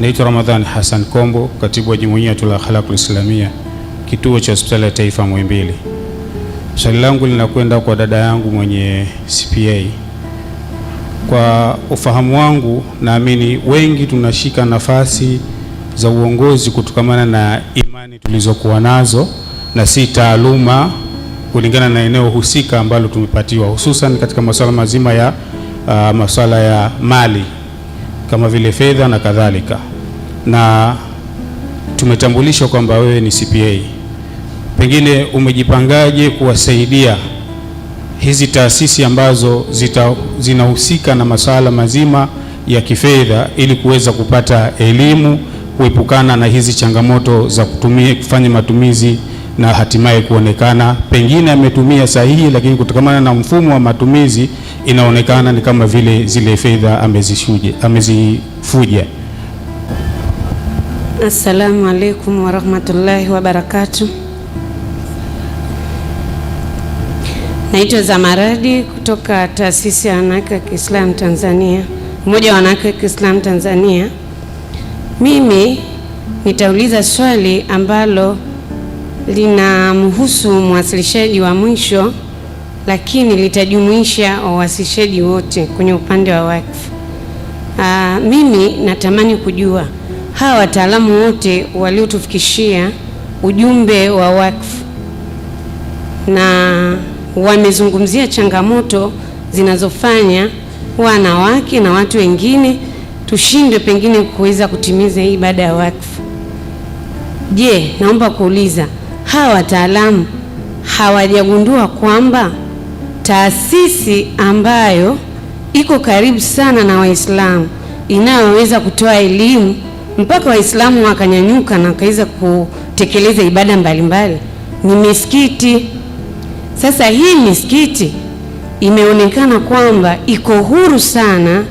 Naitwa Ramadhani Hassan Kombo, katibu wa Jumuiya Tul Akhlaqul Islamia, kituo cha hospitali ya taifa Muhimbili. Swali langu linakwenda kwa dada yangu mwenye CPA. Kwa ufahamu wangu, naamini wengi tunashika nafasi za uongozi kutokamana na imani tulizokuwa nazo na si taaluma kulingana na eneo husika ambalo tumepatiwa, hususan katika masuala mazima ya uh, masuala ya mali kama vile fedha na kadhalika, na tumetambulishwa kwamba wewe ni CPA. Pengine umejipangaje kuwasaidia hizi taasisi ambazo zita, zinahusika na masuala mazima ya kifedha ili kuweza kupata elimu kuepukana na hizi changamoto za kutumia, kufanya matumizi na hatimaye kuonekana pengine ametumia sahihi, lakini kutokana na mfumo wa matumizi inaonekana ni kama vile zile fedha amezishuje amezifuja. Assalamu alaikum warahmatullahi wabarakatu Naitwa Zamaradi kutoka taasisi ya wanawake wa Kiislamu Tanzania, Umoja wa Wanawake wa Kiislamu Tanzania. Mimi nitauliza swali ambalo linamhusu mwasilishaji wa mwisho lakini litajumuisha wawasishaji wote kwenye upande wa wakfu. Aa, ah, mimi natamani kujua hawa wataalamu wote waliotufikishia ujumbe wa wakfu na wamezungumzia changamoto zinazofanya wanawake na watu wengine tushindwe pengine kuweza kutimiza hii ibada ya wakfu. Je, naomba kuuliza hawa wataalamu hawajagundua kwamba taasisi ambayo iko karibu sana na Waislamu inayoweza kutoa elimu mpaka Waislamu wakanyanyuka na wakaweza kutekeleza ibada mbalimbali mbali, ni misikiti. Sasa hii misikiti imeonekana kwamba iko huru sana,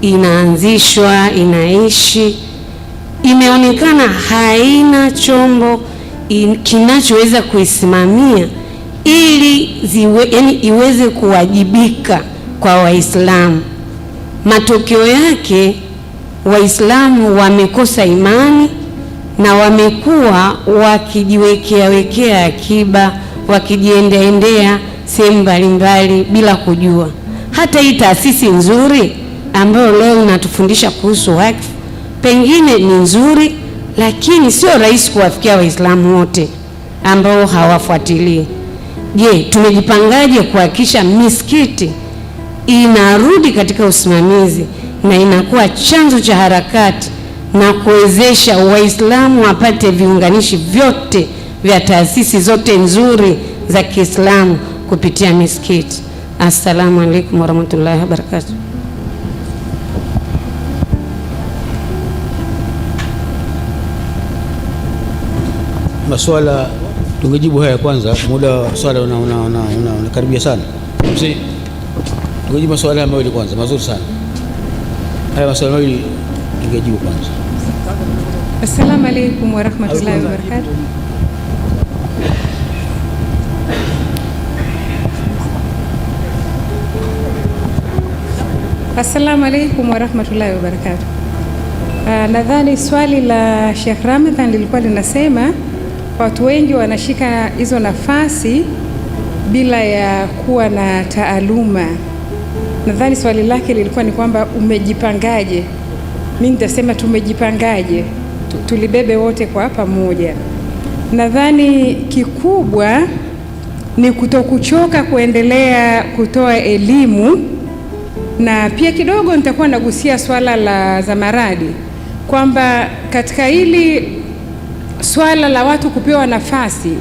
inaanzishwa, inaishi, imeonekana haina chombo kinachoweza kuisimamia ili ziwe, yani iweze kuwajibika kwa Waislamu. Matokeo yake Waislamu wamekosa imani na wamekuwa wakijiwekea wekea akiba wakijiendeendea sehemu mbalimbali bila kujua. Hata hii taasisi nzuri ambayo leo inatufundisha kuhusu wakfu pengine ni nzuri, lakini sio rahisi kuwafikia Waislamu wote ambao hawafuatilii. Je, tumejipangaje kuhakikisha misikiti inarudi katika usimamizi na inakuwa chanzo cha harakati na kuwezesha Waislamu wapate viunganishi vyote vya taasisi zote nzuri za Kiislamu kupitia misikiti. Assalamu alaikum warahmatullahi wabarakatuh. Masuala Tungejibu haya kwanza, muda wa swala una, una, una, una, una karibia sana. Tungejibu maswala mawili kwanza mazuri sana haya maswali mawili tungejibu kwanza. Assalamu alaykum wa rahmatullahi wa barakatuh. Assalamu alaykum wa rahmatullahi wa barakatuh. Uh, nadhani swali la Sheikh Ramadhan lilikuwa linasema watu wengi wanashika hizo nafasi bila ya kuwa na taaluma. Nadhani swali lake lilikuwa ni kwamba umejipangaje? Mimi nitasema tumejipangaje, tulibebe wote kwa pamoja. Nadhani kikubwa ni kutokuchoka kuendelea kutoa elimu, na pia kidogo nitakuwa nagusia swala la Zamaradi kwamba katika hili swala la watu kupewa nafasi,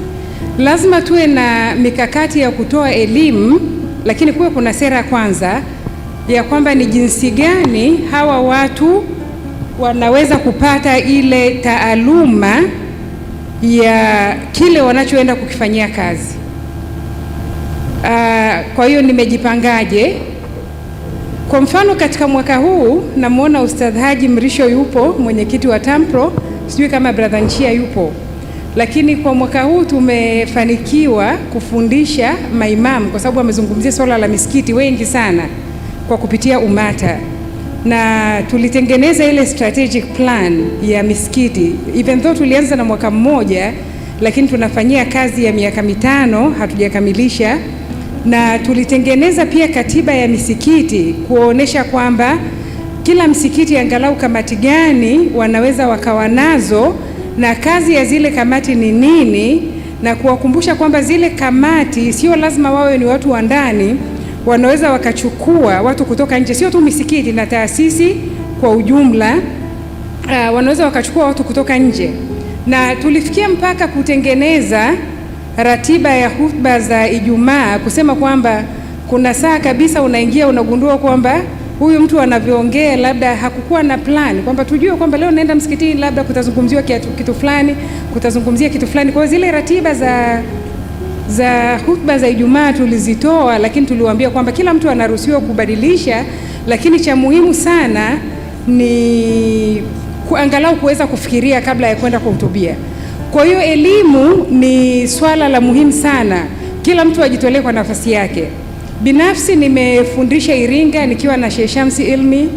lazima tuwe na mikakati ya kutoa elimu, lakini kuwe kuna sera kwanza ya kwamba ni jinsi gani hawa watu wanaweza kupata ile taaluma ya kile wanachoenda kukifanyia kazi. Aa, ah, kwa hiyo nimejipangaje? Kwa mfano katika mwaka huu namwona Ustadh Haji Mrisho yupo mwenyekiti wa TAMPRO sijui kama brother Nchia yupo, lakini kwa mwaka huu tumefanikiwa kufundisha maimamu, kwa sababu amezungumzia swala la misikiti wengi sana kwa kupitia Umata, na tulitengeneza ile strategic plan ya misikiti, even though tulianza na mwaka mmoja, lakini tunafanyia kazi ya miaka mitano, hatujakamilisha. Na tulitengeneza pia katiba ya misikiti kuonesha kwamba kila msikiti angalau kamati gani wanaweza wakawa nazo na kazi ya zile kamati ni nini, na kuwakumbusha kwamba zile kamati sio lazima wawe ni watu wa ndani, wanaweza wakachukua watu kutoka nje, sio tu misikiti na taasisi kwa ujumla. Uh, wanaweza wakachukua watu kutoka nje, na tulifikia mpaka kutengeneza ratiba ya hutuba za Ijumaa, kusema kwamba kuna saa kabisa unaingia unagundua kwamba huyu mtu anavyoongea, labda hakukuwa na plan kwamba tujue kwamba leo naenda msikitini, labda kutazungumziwa kitu fulani, kutazungumzia kitu fulani. Kwa hiyo zile ratiba za za hutuba za Ijumaa tulizitoa, lakini tuliwaambia kwamba kila mtu anaruhusiwa kubadilisha, lakini cha muhimu sana ni kuangalau kuweza kufikiria kabla ya kwenda kuhutubia. Kwa hiyo elimu ni swala la muhimu sana, kila mtu ajitolee kwa nafasi yake. Binafsi nimefundisha Iringa nikiwa na Sheikh Shamsi Ilmi,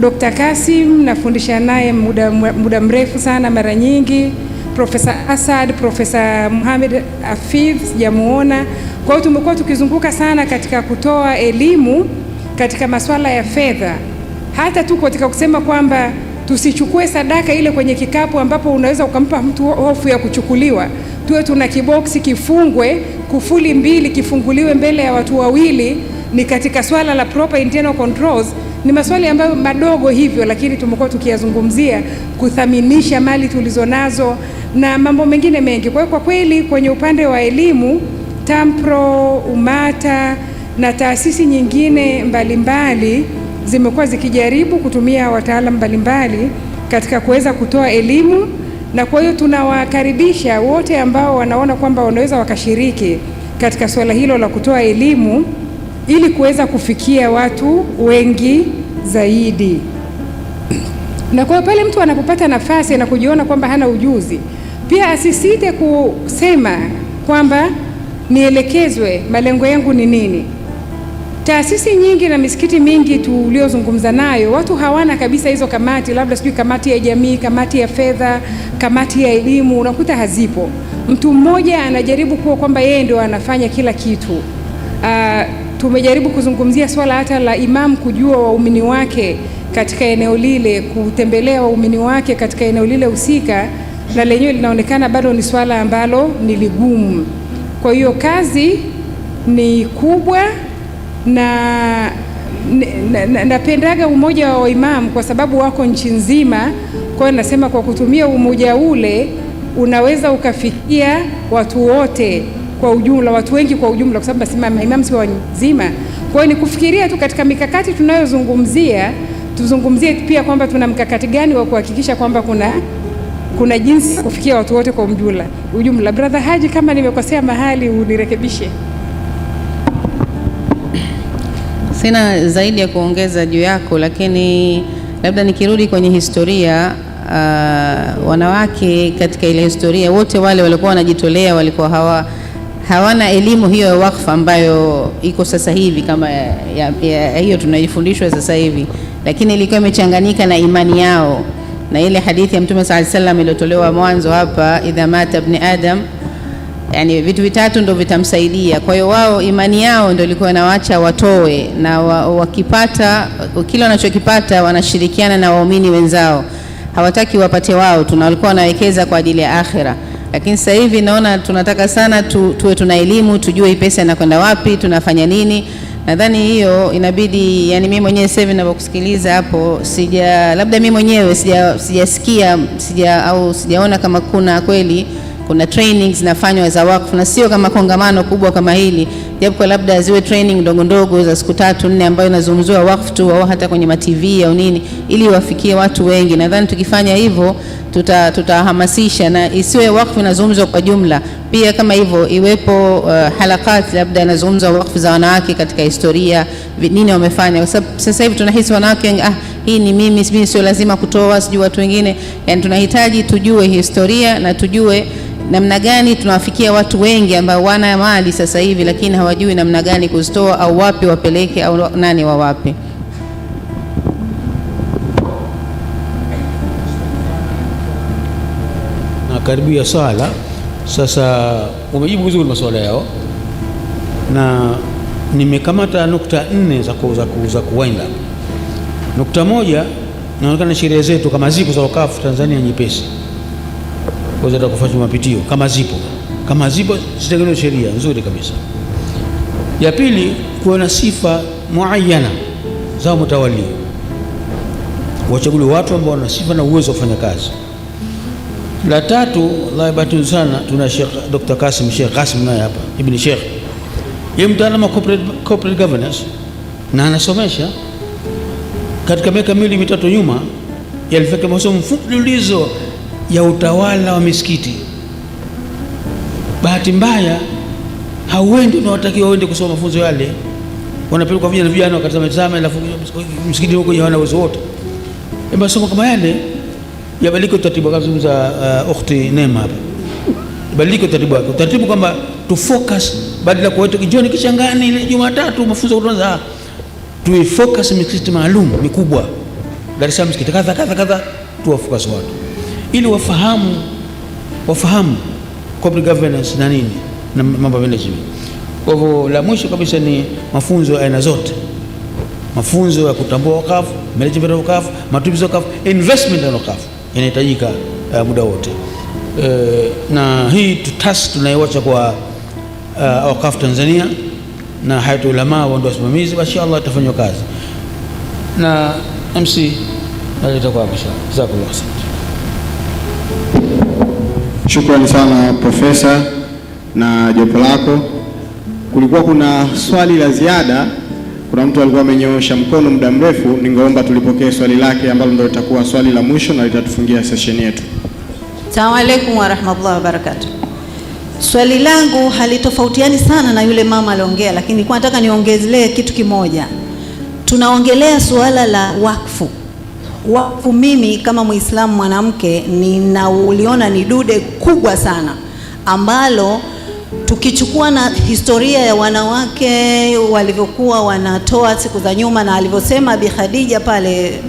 Dr. Kasim nafundisha naye muda, muda mrefu sana mara nyingi, Profesa Asad, Profesa Muhamed Afidh sijamuona. Kwa hiyo tumekuwa tukizunguka sana katika kutoa elimu katika masuala ya fedha, hata tu katika kusema kwamba tusichukue sadaka ile kwenye kikapu ambapo unaweza ukampa mtu hofu ya kuchukuliwa, tuwe tuna kiboksi kifungwe kufuli mbili kifunguliwe mbele ya watu wawili, ni katika swala la proper internal controls. Ni maswali ambayo madogo hivyo, lakini tumekuwa tukiyazungumzia kuthaminisha mali tulizonazo na mambo mengine mengi. Kwa hiyo kwa kweli kwenye upande wa elimu, TAMPRO, UMATA na taasisi nyingine mbalimbali zimekuwa zikijaribu kutumia wataalamu mbalimbali katika kuweza kutoa elimu na kwa hiyo tunawakaribisha wote ambao wanaona kwamba wanaweza wakashiriki katika suala hilo la kutoa elimu ili kuweza kufikia watu wengi zaidi. Na kwa pale mtu anapopata nafasi na kujiona kwamba hana ujuzi, pia asisite kusema kwamba nielekezwe malengo yangu ni nini. Taasisi nyingi na misikiti mingi tuliozungumza nayo watu hawana kabisa hizo kamati, labda sijui kamati ya jamii, kamati ya fedha, kamati ya elimu, unakuta hazipo. Mtu mmoja anajaribu kuwa kwamba yeye ndio anafanya kila kitu. Uh, tumejaribu kuzungumzia swala hata la imamu kujua waumini wake katika eneo lile, kutembelea waumini wake katika eneo lile husika, na lenyewe linaonekana bado ni swala ambalo ni ligumu. Kwa hiyo kazi ni kubwa na napendaga na, na umoja wa waimamu kwa sababu wako nchi nzima. Kwa hiyo nasema kwa kutumia umoja ule unaweza ukafikia watu wote kwa ujumla, watu wengi kwa ujumla, kwa sababu nasema maimamu si nzima Kwa hiyo ni kufikiria tu katika mikakati tunayozungumzia, tuzungumzie pia kwamba tuna mkakati gani wa kuhakikisha kwamba kuna kuna jinsi kufikia watu wote kwa ujumla ujumla. Brother Haji, kama nimekosea mahali unirekebishe. Sina zaidi ya kuongeza juu yako, lakini labda nikirudi kwenye historia uh, wanawake katika ile historia wote wale walikuwa wanajitolea walikuwa hawa hawana elimu hiyo ya wakfa ambayo iko sasa hivi kama ya, ya, ya, hiyo tunaifundishwa sasa hivi, lakini ilikuwa imechanganyika na imani yao na ile hadithi ya Mtume sallallahu alaihi wasallam iliyotolewa mwanzo hapa, idha mata ibn adam yani vitu vitatu ndo vitamsaidia. Kwa hiyo wao imani yao ndo ilikuwa inawacha watoe na wa, wakipata kile wanachokipata wanashirikiana na waumini wenzao, hawataki wapate wao tu, na walikuwa wanawekeza kwa ajili ya akhira. Lakini sasa hivi naona tunataka sana tu, tuwe tuna elimu tujue hii pesa inakwenda wapi, tunafanya nini. Nadhani hiyo inabidi, yani mimi mwenyewe sasa hivi hapo, sija labda mimi mwenyewe sijasikia sija, sija, au sijaona kama kuna kweli kuna training zinafanywa za wakfu, na sio kama kongamano kubwa kama hili, japo kwa labda ziwe training ndogo ndogo za siku tatu nne, ambayo inazungumziwa wakfu tu, au hata kwenye mativi au nini, ili wafikie watu wengi. Nadhani tukifanya hivyo tutahamasisha tuta, na isiwe wakfu inazungumzwa kwa jumla. Pia kama hivyo iwepo uh, halakat labda inazungumza wakfu za wanawake katika historia, nini wamefanya, kwa sababu sasa hivi tunahisi wanawake ah, hii ni mimi, sio lazima kutoa, sijui watu wengine. Yani tunahitaji tujue historia na tujue namna gani tunawafikia watu wengi ambao wana mali sasa hivi, lakini hawajui namna gani kuzitoa au wapi wapeleke au nani wawape. na ya sala sasa. Umejibu vizuri masuala yao, na nimekamata nukta nne za kuwainda. Nukta moja, naonekana sheria zetu kama ziko za wakafu Tanzania nyepesi kuweza kufanya mapitio kama zipo, kama zipo zitengenezwe sheria nzuri kabisa. Ya pili, kuwa na sifa muayana za mtawali, wachaguli watu ambao wana sifa na uwezo wa kufanya kazi. La tatu, Allah ibatu sana, tuna Sheikh Dr. Kasim Sheikh Kasim naye hapa ibn Sheikh, yeye mtaalamu wa corporate, corporate governance na anasomesha katika miaka miwili mitatu nyuma yalifika masomo mfululizo ya utawala wa misikiti. Bahati mbaya hauendi unaotakiwa uende kusoma mafunzo yale, wanapelekwa vijana vijana wakatazama tazama, alafu msikiti huko hawana uwezo wote. Hebu Masomo kama yale yabadilike utaratibu, kama zungumza uh, ukhti Neema hapa, badilike utaratibu wake, utaratibu kwamba tu focus badala kwa wetu kijoni kisha ngani ile Jumatatu mafunzo kutoanza, tu focus misikiti maalum mikubwa Dar es Salaam, misikiti kadha kadha kadha, tu watu ili wafahamu wafahamu corporate governance na nini na mambo ya management. Kwa hivyo la mwisho kabisa ni mafunzo ya aina zote, mafunzo ya kutambua wakafu, management ya wakafu, matumizi ya wakafu, investment ya wakafu inahitajika uh, eh, muda wote uh, na hii task tunaiwacha kwa uh, wakafu Tanzania na hayatu ulama wao wasimamizi, basi Allah itafanywa kazi na MC alitakuwa inshallah. Jazakumullahu khairan. Shukrani sana Profesa na jopo lako. Kulikuwa kuna swali la ziada, kuna mtu alikuwa amenyoosha mkono muda mrefu, ningeomba tulipokee swali lake ambalo ndio litakuwa swali la mwisho na litatufungia sesheni yetu. Asalamu alaykum warahmatullahi barakatuh. Swali langu halitofautiani sana na yule mama aliongea, lakini kwa nataka niongezelee kitu kimoja. Tunaongelea suala la wakfu Wakfu mimi kama Muislamu mwanamke ninauliona ni dude kubwa sana ambalo tukichukua na historia ya wanawake walivyokuwa wanatoa siku za nyuma, na alivyosema Bi Khadija pale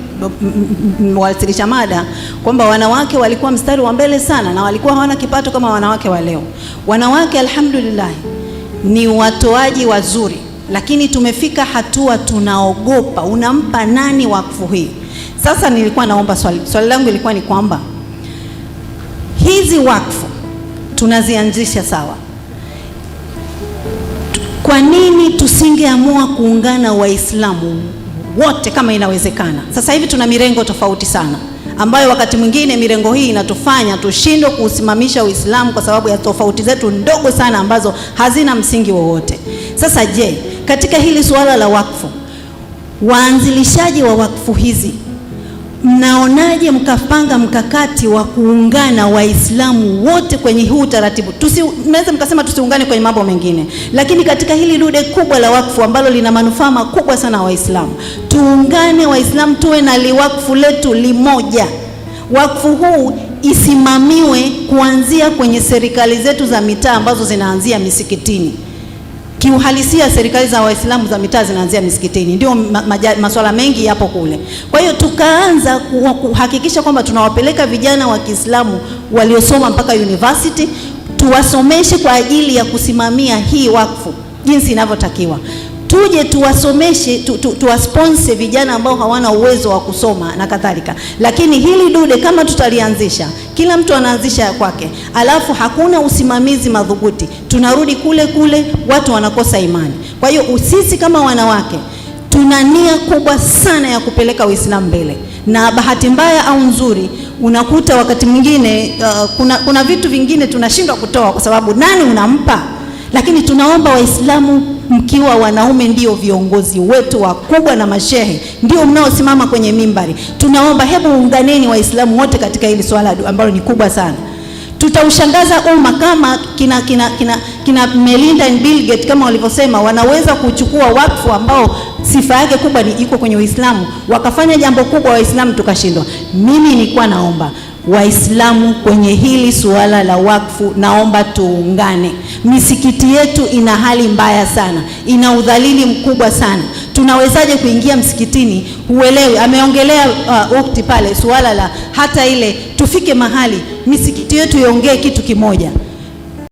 mwasilisha mada kwamba wanawake walikuwa mstari wa mbele sana, na walikuwa hawana kipato kama wanawake wa leo. Wanawake alhamdulillah ni watoaji wazuri, lakini tumefika hatua tunaogopa, unampa nani wakfu hii? Sasa nilikuwa naomba swali, swali langu ilikuwa ni kwamba hizi wakfu tunazianzisha sawa, kwa nini tusingeamua kuungana Waislamu wote kama inawezekana? Sasa hivi tuna mirengo tofauti sana, ambayo wakati mwingine mirengo hii inatufanya tushindwe kuusimamisha Uislamu kwa sababu ya tofauti zetu ndogo sana ambazo hazina msingi wowote. Sasa je, katika hili suala la wakfu, waanzilishaji wa wakfu hizi mnaonaje mkapanga mkakati wa kuungana Waislamu wote kwenye huu taratibu Tusi, mnaweza mkasema tusiungane kwenye mambo mengine, lakini katika hili dude kubwa la wakfu ambalo lina manufaa makubwa sana Waislamu, tuungane Waislamu, tuwe na liwakfu letu limoja. Wakfu huu isimamiwe kuanzia kwenye serikali zetu za mitaa ambazo zinaanzia misikitini. Kiuhalisia, serikali za Waislamu za mitaa zinaanzia misikitini, ndio masuala mengi yapo kule. Kwa hiyo tukaanza kuhakikisha kwamba tunawapeleka vijana wa Kiislamu waliosoma mpaka university, tuwasomeshe kwa ajili ya kusimamia hii wakfu jinsi inavyotakiwa tuje tuwasomeshe tu, tu, tuwasponse vijana ambao hawana uwezo wa kusoma na kadhalika. Lakini hili dude kama tutalianzisha, kila mtu anaanzisha kwake, alafu hakuna usimamizi madhubuti, tunarudi kule kule, watu wanakosa imani. Kwa hiyo sisi kama wanawake tuna nia kubwa sana ya kupeleka Uislamu mbele, na bahati mbaya au nzuri, unakuta wakati mwingine uh, kuna, kuna vitu vingine tunashindwa kutoa kwa sababu nani unampa, lakini tunaomba Waislamu mkiwa wanaume ndio viongozi wetu wakubwa na mashehe ndio mnaosimama kwenye mimbari. Tunaomba hebu unganeni Waislamu wote katika hili swala ambalo ni kubwa sana. Tutaushangaza umma kama kina, kina, kina, kina Melinda and Bill Gates kama walivyosema, wanaweza kuchukua wakfu ambao sifa yake kubwa ni iko kwenye Uislamu, wakafanya jambo kubwa Waislamu tukashindwa. Mimi nilikuwa naomba Waislamu kwenye hili suala la wakfu, naomba tuungane. Misikiti yetu ina hali mbaya sana, ina udhalili mkubwa sana. Tunawezaje kuingia msikitini? Huelewi. Ameongelea uh, ukti pale suala la hata ile, tufike mahali misikiti yetu iongee kitu kimoja.